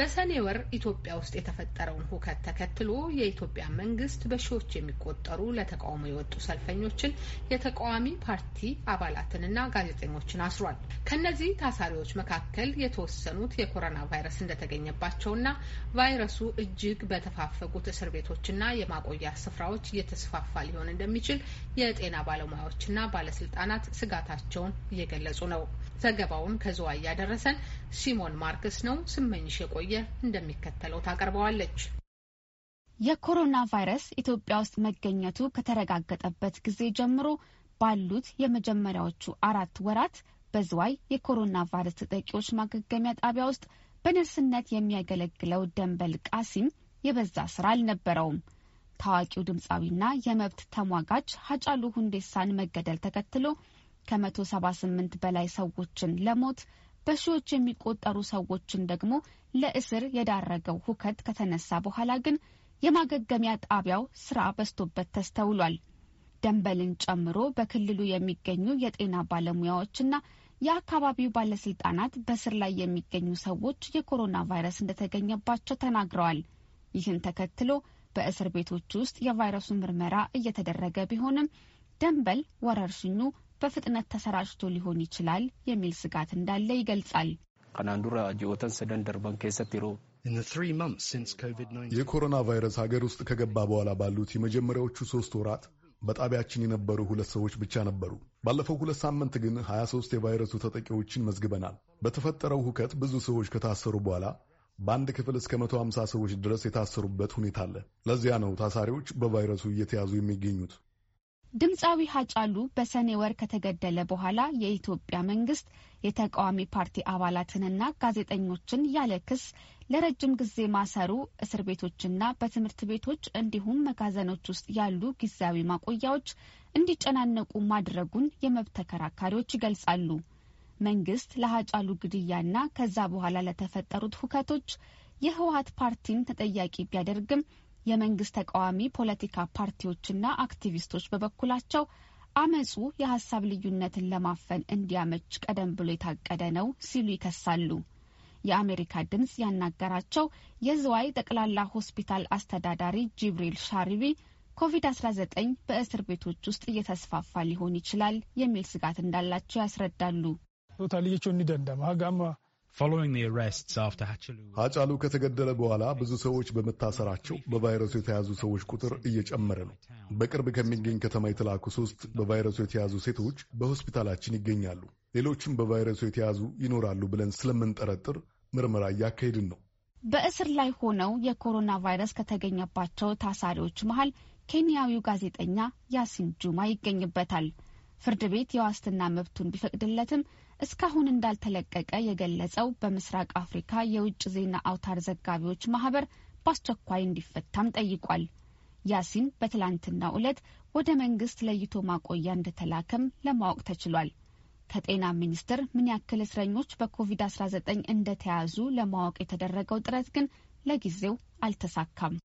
በሰኔ ወር ኢትዮጵያ ውስጥ የተፈጠረውን ሁከት ተከትሎ የኢትዮጵያ መንግስት በሺዎች የሚቆጠሩ ለተቃውሞ የወጡ ሰልፈኞችን፣ የተቃዋሚ ፓርቲ አባላትንና ጋዜጠኞችን አስሯል። ከነዚህ ታሳሪዎች መካከል የተወሰኑት የኮሮና ቫይረስ እንደተገኘባቸውና ቫይረሱ እጅግ በተፋፈጉት እስር ቤቶችና የማቆያ ስፍራዎች እየተስፋፋ ሊሆን እንደሚችል የጤና ባለሙያዎችና ባለስልጣናት ስጋታቸውን እየገለጹ ነው። ዘገባውን ከዝዋይ ያደረሰን ሲሞን ማርክስ ነው። ስመኝሽ የቆየ እንደሚከተለው ታቀርበዋለች። የኮሮና ቫይረስ ኢትዮጵያ ውስጥ መገኘቱ ከተረጋገጠበት ጊዜ ጀምሮ ባሉት የመጀመሪያዎቹ አራት ወራት በዝዋይ የኮሮና ቫይረስ ተጠቂዎች ማገገሚያ ጣቢያ ውስጥ በነርስነት የሚያገለግለው ደንበል ቃሲም የበዛ ስራ አልነበረውም። ታዋቂው ድምፃዊና የመብት ተሟጋች ሀጫሉ ሁንዴሳን መገደል ተከትሎ ከ178 በላይ ሰዎችን ለሞት በሺዎች የሚቆጠሩ ሰዎችን ደግሞ ለእስር የዳረገው ሁከት ከተነሳ በኋላ ግን የማገገሚያ ጣቢያው ስራ በዝቶበት ተስተውሏል። ደንበልን ጨምሮ በክልሉ የሚገኙ የጤና ባለሙያዎችና የአካባቢው ባለስልጣናት በስር ላይ የሚገኙ ሰዎች የኮሮና ቫይረስ እንደተገኘባቸው ተናግረዋል። ይህን ተከትሎ በእስር ቤቶች ውስጥ የቫይረሱ ምርመራ እየተደረገ ቢሆንም ደንበል ወረርሽኙ በፍጥነት ተሰራጭቶ ሊሆን ይችላል የሚል ስጋት እንዳለ ይገልጻል። የኮሮና ቫይረስ ሀገር ውስጥ ከገባ በኋላ ባሉት የመጀመሪያዎቹ ሶስት ወራት በጣቢያችን የነበሩ ሁለት ሰዎች ብቻ ነበሩ። ባለፈው ሁለት ሳምንት ግን 23 የቫይረሱ ተጠቂዎችን መዝግበናል። በተፈጠረው ሁከት ብዙ ሰዎች ከታሰሩ በኋላ በአንድ ክፍል እስከ 150 ሰዎች ድረስ የታሰሩበት ሁኔታ አለ። ለዚያ ነው ታሳሪዎች በቫይረሱ እየተያዙ የሚገኙት። ድምፃዊ ሀጫሉ በሰኔ ወር ከተገደለ በኋላ የኢትዮጵያ መንግስት የተቃዋሚ ፓርቲ አባላትንና ጋዜጠኞችን ያለ ክስ ለረጅም ጊዜ ማሰሩ፣ እስር ቤቶችና በትምህርት ቤቶች እንዲሁም መጋዘኖች ውስጥ ያሉ ጊዜያዊ ማቆያዎች እንዲጨናነቁ ማድረጉን የመብት ተከራካሪዎች ይገልጻሉ። መንግስት ለሀጫሉ ግድያና ከዛ በኋላ ለተፈጠሩት ሁከቶች የህወሀት ፓርቲን ተጠያቂ ቢያደርግም የመንግስት ተቃዋሚ ፖለቲካ ፓርቲዎችና አክቲቪስቶች በበኩላቸው አመጹ የሀሳብ ልዩነትን ለማፈን እንዲያመች ቀደም ብሎ የታቀደ ነው ሲሉ ይከሳሉ። የአሜሪካ ድምፅ ያናገራቸው የዝዋይ ጠቅላላ ሆስፒታል አስተዳዳሪ ጅብሪል ሻሪቢ ኮቪድ-19 በእስር ቤቶች ውስጥ እየተስፋፋ ሊሆን ይችላል የሚል ስጋት እንዳላቸው ያስረዳሉ። ሀጫሉ ከተገደለ በኋላ ብዙ ሰዎች በመታሰራቸው በቫይረሱ የተያዙ ሰዎች ቁጥር እየጨመረ ነው። በቅርብ ከሚገኝ ከተማ የተላኩ ሶስት በቫይረሱ የተያዙ ሴቶች በሆስፒታላችን ይገኛሉ። ሌሎችም በቫይረሱ የተያዙ ይኖራሉ ብለን ስለምንጠረጥር ምርመራ እያካሄድን ነው። በእስር ላይ ሆነው የኮሮና ቫይረስ ከተገኘባቸው ታሳሪዎች መሃል ኬንያዊው ጋዜጠኛ ያሲን ጁማ ይገኝበታል። ፍርድ ቤት የዋስትና መብቱን ቢፈቅድለትም እስካሁን እንዳልተለቀቀ የገለጸው በምስራቅ አፍሪካ የውጭ ዜና አውታር ዘጋቢዎች ማህበር በአስቸኳይ እንዲፈታም ጠይቋል። ያሲን በትላንትናው ዕለት ወደ መንግስት ለይቶ ማቆያ እንደተላከም ለማወቅ ተችሏል። ከጤና ሚኒስቴር ምን ያክል እስረኞች በኮቪድ-19 እንደተያዙ ለማወቅ የተደረገው ጥረት ግን ለጊዜው አልተሳካም።